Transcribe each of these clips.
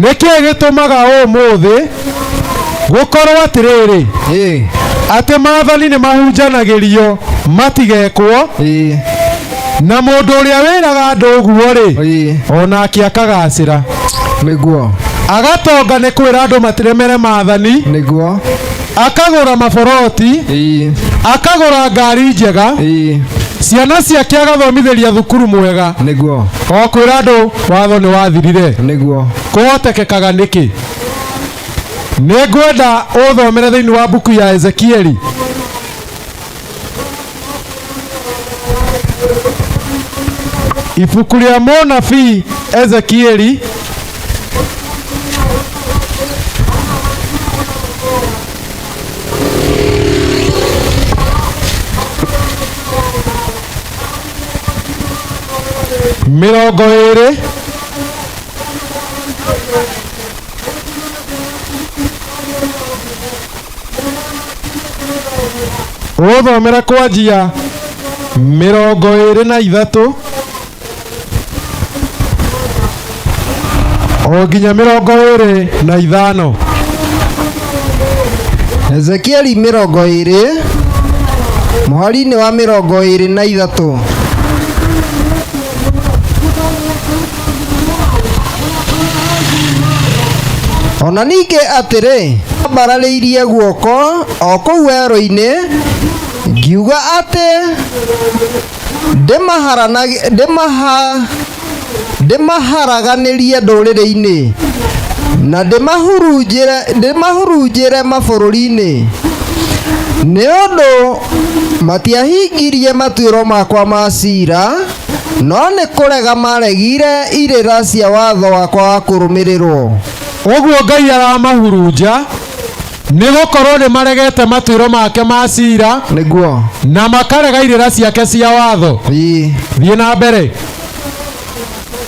nĩkĩĩ gĩtũmaga ũmũthĩ gũkorwo atĩrĩrĩ atĩ maathani nĩ mahunjanagĩrio matigekwo na mũndũ ũrĩa wĩraga andũ ũguo rĩ onake akagacĩra nĩguo agatonga nĩ kwĩra andũ matiremere maathani nĩguo akagũra maboroti akagũra ngari njega ciana ciake agathomithĩria thukuru mwega nĩguo o kwĩra andũ watho nĩ wathirire nĩguo kuhotekekaga niki nä ngwenda å thomere thä inä wa mbuku ya ezekieli ibuku rä a monabii ezekieli mä rongo ä rä kwa kwanjia mirongo ĩrĩ na ithatũ o nginya mirongo ĩrĩ na ithano ezekieli mirongo ĩrĩ mũhari-inĩ wa mirongo ĩrĩ na ithatũ ona ningĩ atĩrĩ ambararĩirie guoko o kũu werũ-inĩ akiuga atĩ ndĩmaharaganĩrie ndũrĩrĩ-inĩ na ndĩmahurunjĩre mabũrũri-inĩ nĩ ũndũ matiahingirie matuĩro makwa ma ciira no nĩ kũrega maregire irĩra cia watho wakwa wa kũrũmĩrĩrwo ũguo ngai aramahurunja nä gå korwo nä maregete matuä make ma cira niguo na makarega irä ciake cia watho thiä na mbere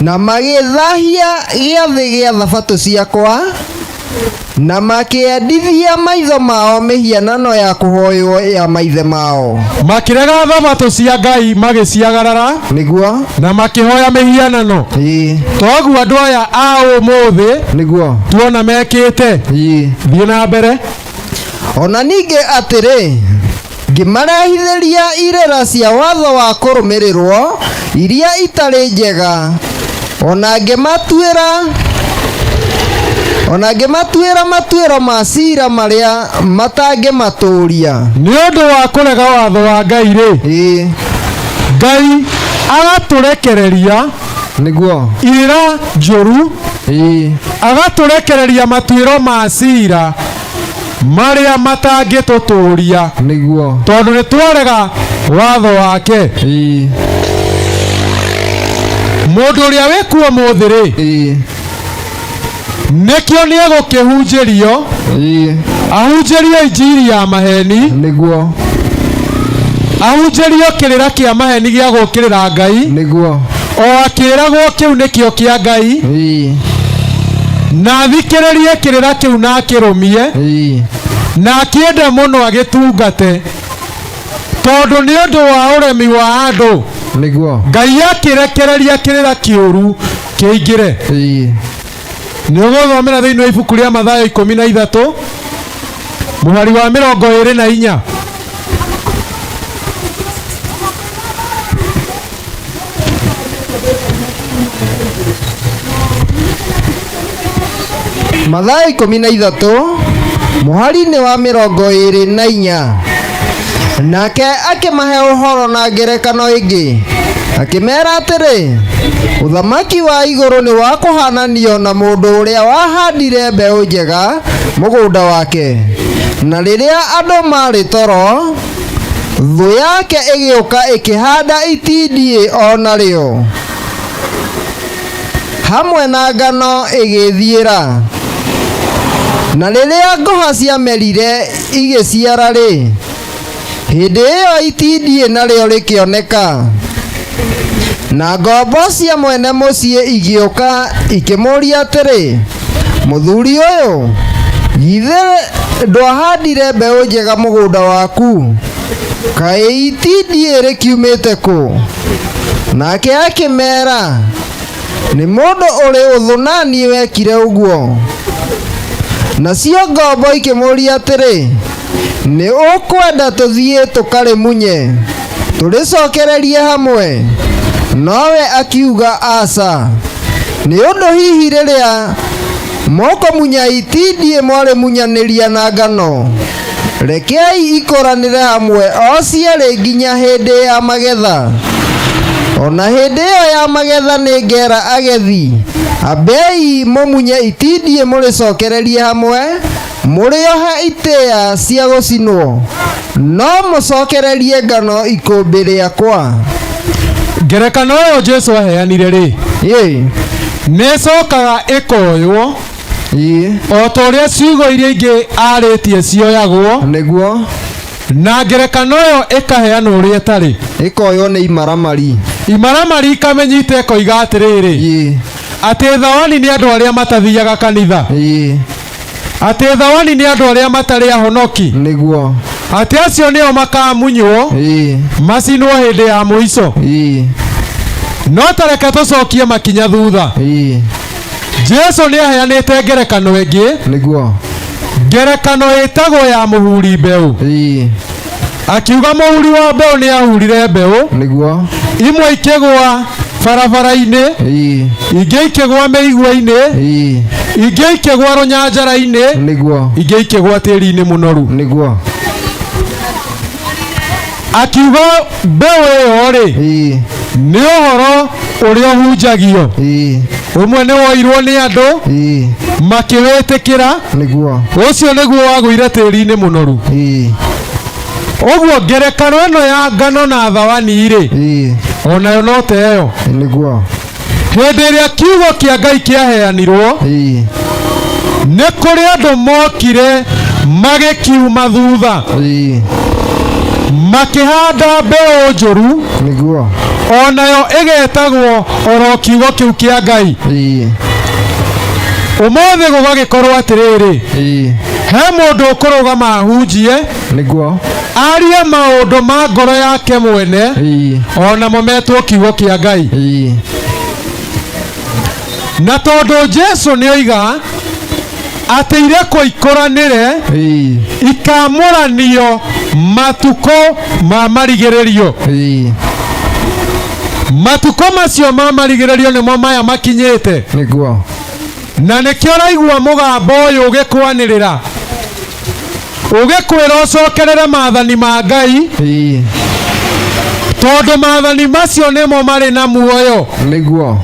na magä thahia gä athä gä a thabatå ciakwa na makiendithia maitho mao mihianano ya kuhoywo ya maithe mao makirega thabatå cia ngai magĩciagarara nĩguo na makĩhoya mĩhianano toguo andũ aya a ũmũthĩ nĩguo tuona mekĩte thiĩ na mbere ona ningĩ atĩrĩ ire irĩra cia watho wa kũrũmĩrĩrwo iria itarĩ njega ona ngĩmatuĩra ona ngĩmatuĩra matuĩro ma ciira marĩa matangĩmatũũria nĩ ũndũ wa kũrega watho wa ngai rĩ ĩĩ ngai agatũrekereria nĩguo ira njũru ĩĩ agatũrekereria matuĩro ma ciira marĩa matangĩtũtũũria nĩguo tondũ nĩ twarega watho wake ĩĩ mũndũ ũrĩa wĩkuo mũthĩ rĩ nikio ni egukihunjirio ahunjirio injiri ya maheni niguo ahunjirio kirira kia maheni gia gukirira ngai niguo o akiragwo kiu nikio kia ngai na athikiririe kirira kiu na akirumie na akiende muno agitungate tondu ni undu wa uremi wa andu niguo ngai akirekereria kirira kiuru kiingire nä å thä inä wa ibuku rä a mathayo ikå na ithatå mũhari wa mä rongo ä rä na inya mathayo ikũmi na ithatũ mũhari-inĩ wa mĩrongo ĩrĩ na inya nake akĩmahe ũhoro na ngerekano ĩngĩ akimera atĩrĩ uthamaki wa igũrũ ni wa kũhananio na mũndũ uria wahandire mbeũ njega mugunda wake na riria andũ mari toro thu yake igiuka ĩkĩhanda itindiĩ o rio hamwe na ngano ĩgĩthiĩra na rĩrĩa ngũha ciamerire igĩciara rĩ hĩndĩ ĩyo itindiĩ narĩo rikioneka na ngombo cia mwene mũciĩ igĩũka ikĩmũũria atĩrĩ mũthuri ũyũ githĩ ndwahandire mbeũ njega mũgũnda waku kaĩ itindiĩ ĩrĩ kiumĩte kũ nake akĩmeera nĩ mũndũ ũrĩ ũthũ naniĩ wekire ũguo nacio ngombo ikĩmũũria atĩrĩ nĩ ũkwenda tũthiĩ tũkarĩmunye tũrĩcokererie hamwe nowe akiuga asa ni ũndũ hihi rĩrĩa moko munyaitindie mwarĩ munyanĩria na ngano rekei ikũranĩre hamwe o cierĩ nginya hĩndĩ ya magetha o na hĩndĩ ĩyo ya magetha nĩ ngera agethi ambei mũmunye itindie mũrĩcokererie hamwe mũrĩoha itĩa cia gũcinwo no mũcokererie ngano ikũmbĩ rĩakwa ngerekano ĩyo jesu aheanire rĩ nĩ ĩcokaga ĩkoywo o ta ũrĩa ciugo iria ingĩ aarĩtie cioyagwo nĩguo na ngerekano ĩyo ĩkaheanwo ũrĩa ĩtarĩ ĩkoywo nĩ imaramari imaramari ikamenyita ĩkoiga atĩrĩrĩ atĩ thawani nĩ andũ arĩa matathiaga kanitha atĩ thawani nĩ andũ arĩa matarĩ ahonoki nĩguo ati acio nio makamunywo macinwo hindi ya muico no tareke tucokie makinya thutha jesu ni aheanite ngerekano ingi niguo ngerekano itagwo ya muhuri mbeu akiuga muhuri wa mbeu ni ahurire mbeu niguo imwe ikigwa barabara-inĩ ingĩ ikĩgwa mĩigua-inĩ ingĩ ikĩgwa rũnyanjara-inĩ ingĩ ikĩgwa tĩĩri-inĩ mũnoru nĩguo akiuga mbeũ ĩyo rĩ nĩ ũhoro ũrĩa ũhunjagio ũmwe nĩ woirwo nĩ andũ makĩwĩtĩkĩra ũcio nĩguo wagũire tĩĩri-inĩ mũnoru ũguo ngerekano ĩno ya ngano na thawani-rĩ onayo no ta ĩyo hĩndĩ ĩrĩa kiugo kĩa ngai kĩaheanirwo nĩ kũrĩ andũ mokire magĩkiuma thutha makihanda mbeu njuru niguo onayo igetagwo oro kiugo kiu kia ngai umuthi gugagikorwo atiriri he mundu ukurugama mahunjie niguo arie maundu ma ngoro yake mwene onamo metwo kiugo kia ngai na tondu jesu nioiga atĩ irekwo ikũranĩre ikamũranio matuko ma marigererio matuko macio ma marigererio nimo maya makinyite niguo na nikio raigua mugambo uyu ugikwanirira ugikwira ucokerere mathani ma ngai tondu mathani macio nimo mari na muoyo niguo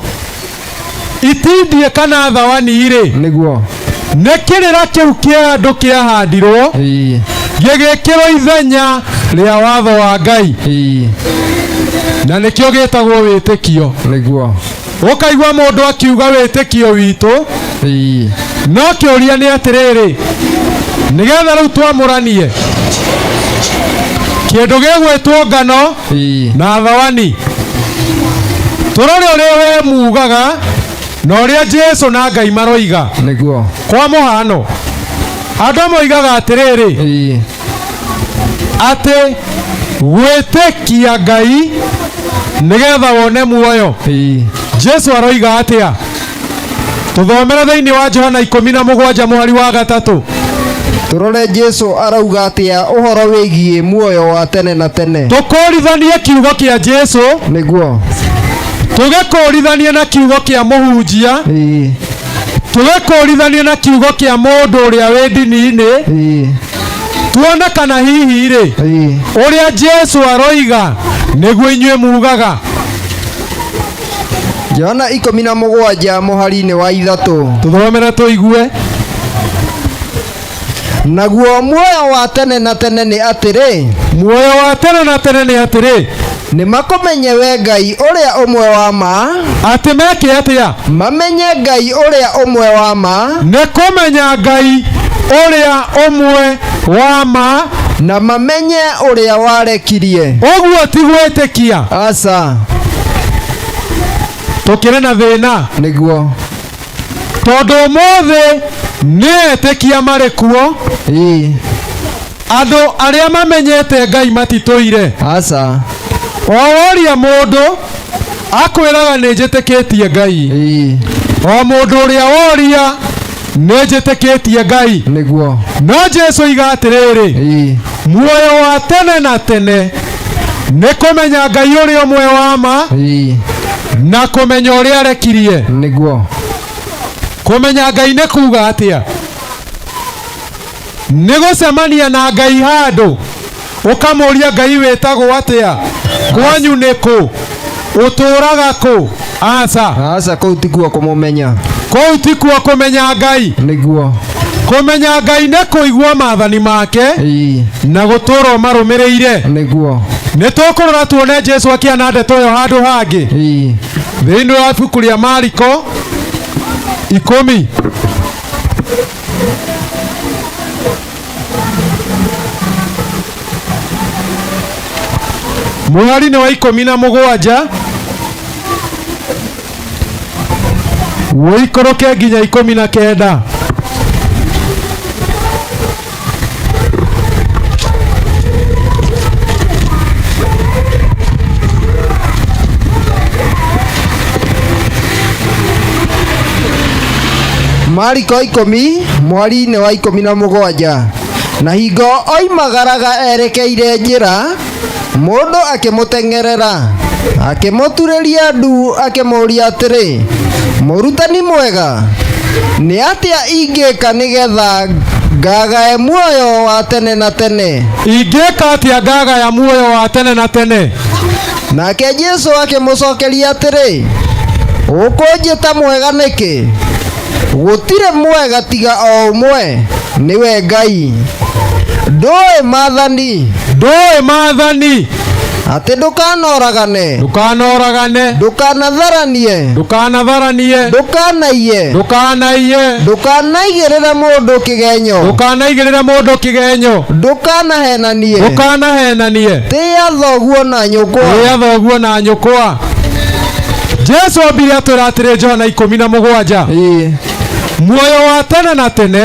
itindie kana thawani iri niguo nä kä rä ra kä u kä andå kä ahandirwo gĩgĩkĩrwo ithenya rĩa watho wa Ngai na kio gĩtagwo å kaigua må ndå akiuga kio witå no kĩũria nĩ atĩrĩrĩ nĩgetha rĩu twamũranie kĩndũ gĩgwĩtwo ngano na thawani tũrore ũrĩa we mugaga na a jesu na Ngai maroiga nĩguo kwa mũhano andũ moigaga rä ati kia ngai nigetha wone muoyo jesu aroiga atia tuthomere thiini wa johana ikumi na mugwanja mwari wa gatatu turore jesu arauga atia uhoro wigie muoyo wa tene na tene tukurithanie kiugo kia jesu niguo tugikurithanie na kiugo kia muhunjia tugikurithanie na kiugo kia mundu uria wi ndini-ini tuona kana hihi rä a Jesu aroiga guo inyuĩ mugaga Johana ikũmi na mũgwanja mũhari-inĩ wa ithatũ tũthomere igue naguo muoyo wa tene na tene ni atĩrĩ muoyo wa tene na tene nĩ atĩrĩ nĩ menye we ngai ũrĩa ũmwe wa ma atĩ meke atĩa mamenye ngai ũrĩa ũmwe wa ma nĩ kũmenya ngai uria umwe wa ma na mamenye uria warekirie uguo ti gwitikia asa tukire na thina niguo tondu umuthi ni etikia mari kuo andu aria mamenyete ngai matituire aca woria mundu akwiraga ni njitikitie ngai o mundu uria woria nĩnjĩtĩkĩtie ngai nĩguo no jesu iga atĩrĩrĩ muoyo wa tene na tene nĩ kũmenya ngai ũrĩa ũmwe wa ma na kũmenya ũrĩa arekirie nĩguo kũmenya ngai nĩ kuuga atĩa nĩ gũcemania na ngai handũ ũkamũria ngai wĩtagwo atĩa kwanyu nĩ kũ ũtũũraga kũ aca aca kũu tikuo kũmũmenya kũu ti kuo menya ngai kå menya ngai kå igua mathani make na gũtũũrwo nä tå kå tũkũrora tuone jesu akĩana ndeto handå hangä thä thĩinĩ wa ibuku rĩa mariko ikũmi mũhari nĩ wa mi na gwanja wikoroke nginya ikumi na kenda mariko ikumi mwari-inĩ wa ikumi na mũgwanja na hingo oimagaraga erekeire njĩra mũndũ akĩmũteng'erera akĩmũturĩria ndu akĩmũũria atĩrĩ Mũrutani mwega, nĩ atĩa ingĩka nĩgetha ngagaya muoyo wa tene na tene? Ingĩka atĩa ngagaya muoyo wa tene na tene? Nake Jesũ akĩmũcokeria atĩrĩ, ũkũnjĩta mwega nĩkĩ? Gũtirĩ mwega tiga o ũmwe, niwe Ngai. Ndũĩ mathani Ndũĩ mathani Ati ndukanoragane ndukanoragane ndukanatharanie ndukanatharanie ndukanaiye ndukanaiye ndukanaigirira mundu kigenyo ndukanaigirira mundu kigenyo ndukanahenanie ndukanahenanie tia thoguo na nyukwa tia thoguo na nyukwa Jesu ambire atwira atĩrĩ Johana ikũmi na mũgwanja muoyo wa tene na tene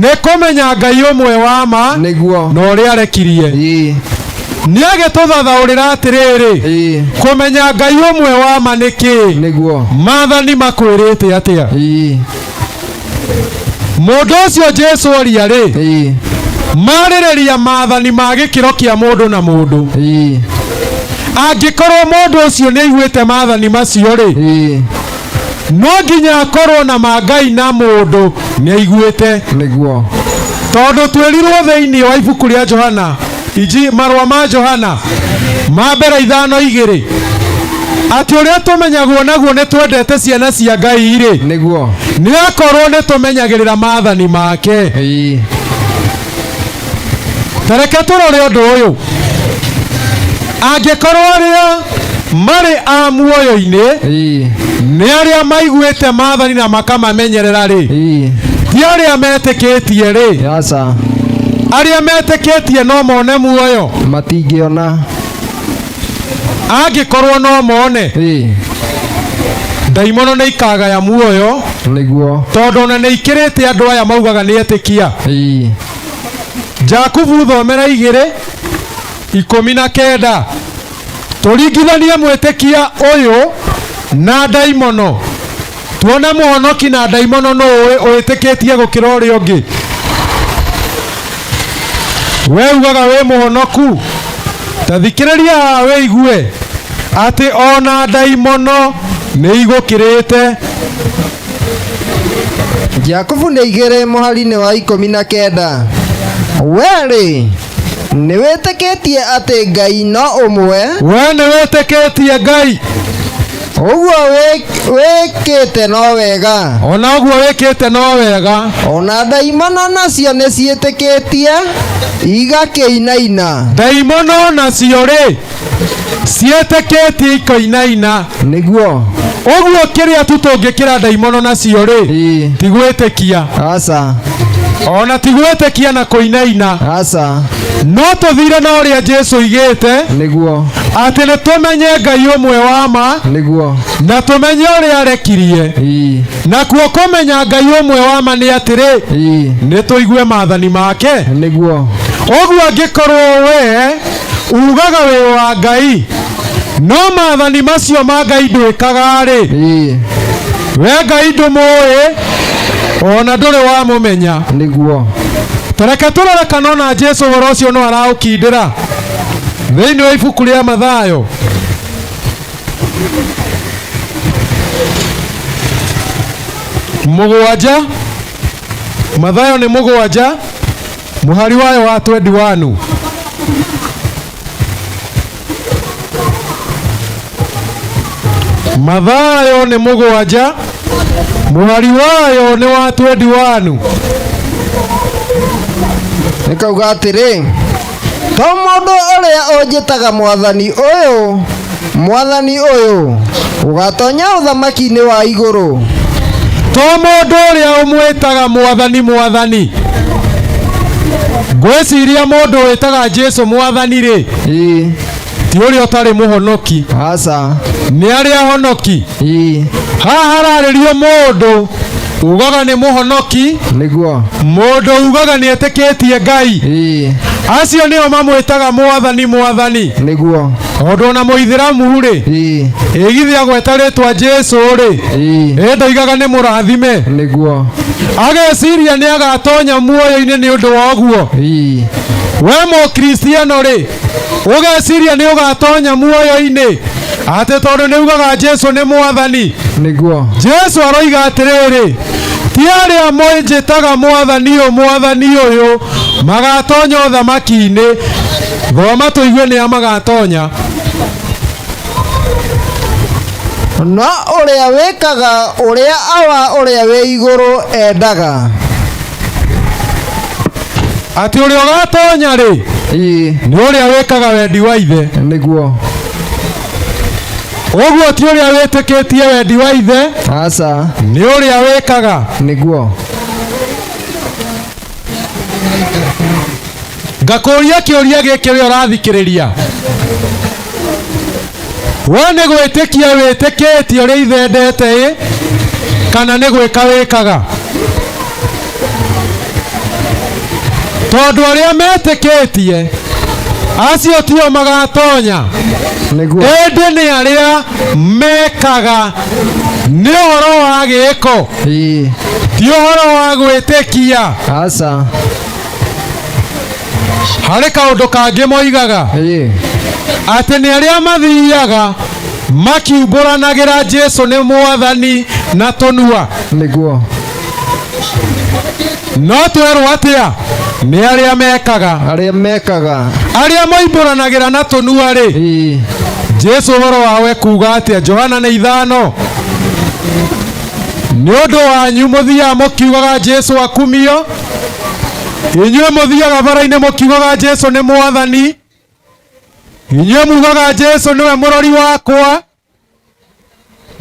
nĩ kũmenya Ngai ũmwe wa ma na ũrĩa arekirie nä agä tå thathaå rä ra atä rä rä kå menya ngai å mwe wa ma nä kä maathani makwä rä te atä a må ndå å cio jesu oria rä marä rä ria mathani ma gä kä ro kä a må ndå na må ndå angä korwo må ndå å cio nä aiguä te mathani macio rä no nginya akorwo na ma ngai na må ndå nä aiguä te tondå twä rirwo thä inä wa ibuku rä a johana iji marwa ma johana ma mbere ithano igiri ati uria tumenyagwo naguo ni twendete ciana cia ngai rĩ nĩguo nĩ akorwo nĩ tũmenyagĩrĩra maathani make tareke tũrore ũndũ ũyũ angĩkorwo arĩa marĩ a muoyo-inĩ nĩ arĩa maiguĩte mathani na makamamenyerera ri ti arĩa ri rĩ aria metĩkĩtie no mone muoyo matingĩona angikorwo no mone ndaimono nĩ ikagaya muoyo nĩguo tondũ ona nĩ ikĩrĩte andũ aya maugaga nĩ etĩkia Jakubu thomera igĩrĩ ikũmi na kenda tũringithanie mwĩtĩkia ũyũ na ndaimono tuone mũhonoki na ndaimono nũũ wĩtĩkĩtie gũkĩra ũrĩa ũngĩ we ugaga wi honoku ta thikiriria haha igue atä ona ndaimono rä te Jakubu nĩ igĩrĩ mũhari-inĩ wa mi na kenda tä kä tie atä Ngai no ũmwe we kä tie Ngai uguo wikite no wega ona uguo wikite no wega ona ndaimono nacio nĩ ciĩtĩkĩtie igakĩinaina ndaimono nacio rĩ ciĩtĩkĩtie ikoinaina nĩguo ũguo kĩrĩa tu tũngĩkĩra ndaimono nacio rĩ tigwĩtĩkia aca ona ti kia na kũinaina asa no tũthire na ũrĩa jesu oigĩte nĩguo atĩ nĩ tũmenye ngai ũmwe wa ma niguo na tũmenye ũrĩa arekirie nakuo kũmenya ngai ũmwe wa ma nĩ atĩrĩ nĩ tũigue mathani make nĩguo ũguo angĩkorwo wee ugaga wĩ wa ngai no maathani macio ma ngai ndwĩkaga-rĩ we ngai ndũmũĩ ona ndũrĩ wamũmenya nĩguo tareke tũrore kanona jesu ũhoro ũcio no araũkindĩra thĩinĩ wa ibuku rĩa mathayo mũgwanja mathayo nĩ mũgwanja mũhari wayo wa 21 mathayo nĩ mũgwanja mwari wayo nä wa 21 nä kauga atä rä to må ndå å rä a å njä taga mwathani å yå mwathani å yå å gatonya å thamaki-inä wa igå rå to må ndå å rä a å mwä taga mwathani mwathani ngwĩciria mũndũ wĩtaga jesu mwathani rĩ ti ũrĩa ũtarĩ mũhonoki aca nĩ arĩa ahonoki haha hararĩrio mũndũ ugaga nĩ mũhonoki nĩguo mũndũ ugaga nĩ etĩkĩtie ngai acio mamwä taga mwathani mwathani nĩguo tondũ ona mũithĩramu rĩ ĩgithĩagwo twa jesu nä må rathime nä guo ageciria nä agatonya muoyo nä å ndå wa guo we å geciria nä å gatonya muoyo inä ate tondu ugaga Jesu ni mwathani niguo Jesu aroiga atiriri ti aria mwinjitaga mwathani uyu mwathani uyu magatonya uthamaki-ini thoma tuigue ni a magatonya no uria wikaga uria awa uria wi iguru endaga ati uria ugatonya ri ni uria wikaga wendi wa ithe niguo Uguo ti kä tie wendi wa ithe aca ni uria wikaga niguo ngakuria kiuria ngakå ria urathikiriria we kä tie å rä a ithendete ä kana tondå arä a metä kä tie acio tio magatonya ĩndĩ nĩ arĩa mekaga ni ũhoro wa gĩĩko ti ũhoro wa gwĩtĩkia harĩ kaũndũ kangĩ moigaga atĩ nĩ arĩa mathiaga makiumbũranagĩra jesu nĩ mwathani na tũnua nĩguo no twerwo atĩa nä arä a mekaga arä a mekaga arä a ra na tå nua rä jesu å horo wawe kuga atä a johana nä ithano nä å ndå wanyu må thiaga må kiugaga jesu akumio inyuä må thiaga bara-inä må kiugaga jesu nä mwathani inyuä mugaga jesu nä we må rori wakwa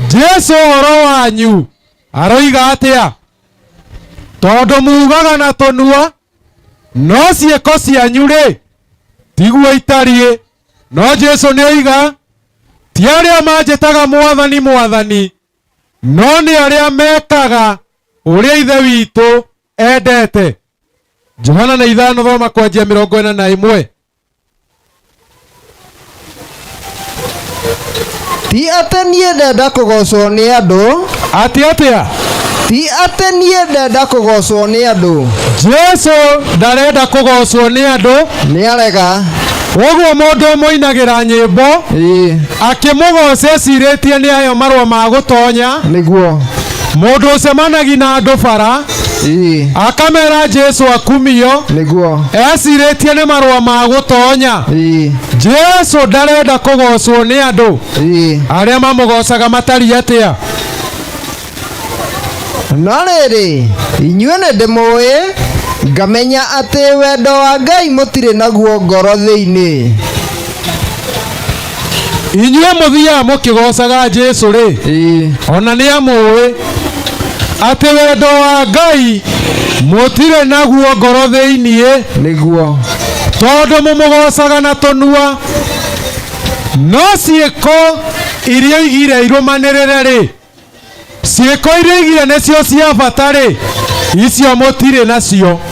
jesu å horo wanyu aroiga atä a tondå mugaga na tå nua no ciĩko cianyu rĩ tiguo itariĩ no jesu nĩ oiga ti arĩa manjĩtaga mwathani mwathani no nĩ arĩa mekaga ũrĩa ithe witũ endete johana na ithano thoma kwenjia mĩrongo ĩna na ĩmwe ti atĩ niĩ ndenda kũgocwo nĩ andũ atĩ atĩa ti atĩ niĩ ndenda kũgocwo nĩ andũ jesu ndarenda kũgocwo nĩ andũ nĩ arega ũguo mũndũ ũmũinagĩra nyĩmbo akĩmũgoce cirĩtie nĩ ayo marũa ma gũtonya nĩguo mũndũ ũcemanagi na andũ bara akamera jesu akumio nĩguo ecirĩtie nĩ marũa ma gũtonya jesu ndarenda kũgocwo nĩ andũ arĩa mamũgocaga matariatĩa no rĩrĩ inyuĩ nĩ ndĩmũĩ ngamenya atĩ wendo wa ngai mũtirĩ naguo ngoro thĩinĩ inyuĩ mũthiaga mũkĩgoocaga jesu rĩ ona nĩ amũĩ atĩ wendo wa ngai mũtirĩ naguo ngoro thĩinĩ nĩguo tondũ mũmũgoocaga na tũnua no ciĩko iria igire irũmanĩrĩre rĩ ciĩko iria igire nĩcio cia bata rĩ icio mũtirĩ nacio